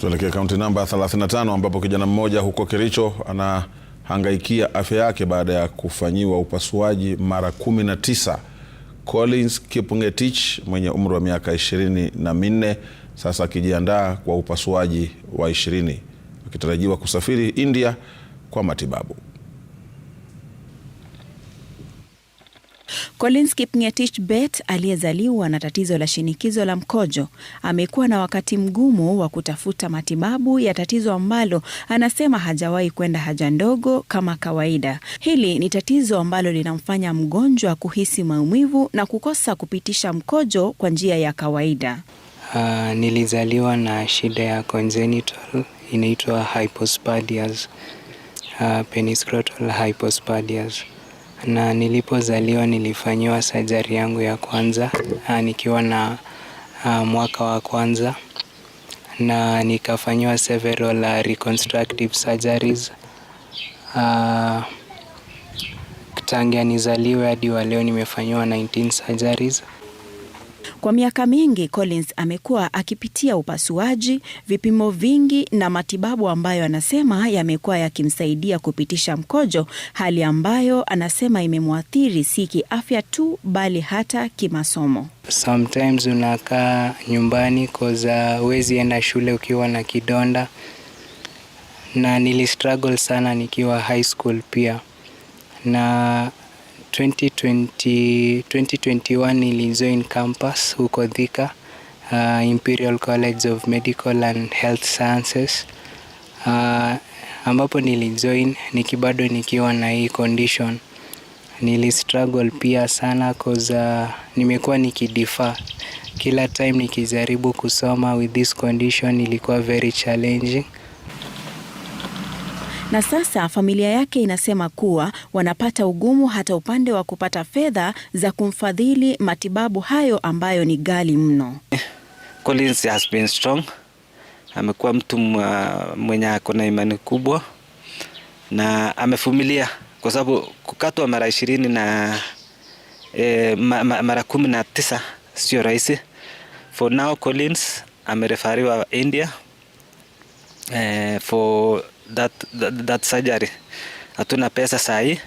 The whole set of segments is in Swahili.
Tuelekee kaunti namba 35 ambapo kijana mmoja huko Kericho anahangaikia afya yake baada ya kufanyiwa upasuaji mara 19. Collins Kipngetich mwenye umri wa miaka 2 na minne sasa akijiandaa kwa upasuaji wa 20 akitarajiwa kusafiri India kwa matibabu. Collins Kipngetich Bet aliyezaliwa na tatizo la shinikizo la mkojo amekuwa na wakati mgumu wa kutafuta matibabu ya tatizo ambalo anasema hajawahi kwenda haja ndogo kama kawaida. Hili ni tatizo ambalo linamfanya mgonjwa kuhisi maumivu na kukosa kupitisha mkojo kwa njia ya kawaida. Uh, nilizaliwa na shida ya congenital inaitwa hypospadias, uh, ah, peniscrotal hypospadias na nilipozaliwa nilifanyiwa sajari yangu ya kwanza ah, nikiwa na ah, mwaka wa kwanza na nikafanyiwa several ah, reconstructive surgeries tangia nizaliwe hadi wa leo nimefanyiwa 19 surgeries. Kwa miaka mingi Collins amekuwa akipitia upasuaji, vipimo vingi na matibabu ambayo anasema yamekuwa yakimsaidia kupitisha mkojo, hali ambayo anasema imemwathiri si kiafya tu bali hata kimasomo. Sometimes unakaa nyumbani koza uh, huwezi enda shule ukiwa na kidonda, na nilistruggle sana nikiwa high school pia na 2020, 2021 nilijoin campus huko Thika uh, Imperial College of Medical and Health Sciences uh, ambapo nilijoin nikibado nikiwa na hii condition. Nilistruggle pia sana cause uh, nimekuwa nikidefer kila time nikijaribu kusoma with this condition, ilikuwa very challenging na sasa familia yake inasema kuwa wanapata ugumu hata upande wa kupata fedha za kumfadhili matibabu hayo ambayo ni ghali mno. Collins has been strong. Amekuwa mtu mwenye ako na imani kubwa na amevumilia kwa sababu kukatwa mara ishirini na e, ma, ma, mara kumi na tisa sio rahisi. For now Collins amerefariwa India e, for that, that, that surgery. Hatuna pesa sahi.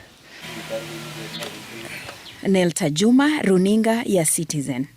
Nelta Juma, Runinga ya Citizen.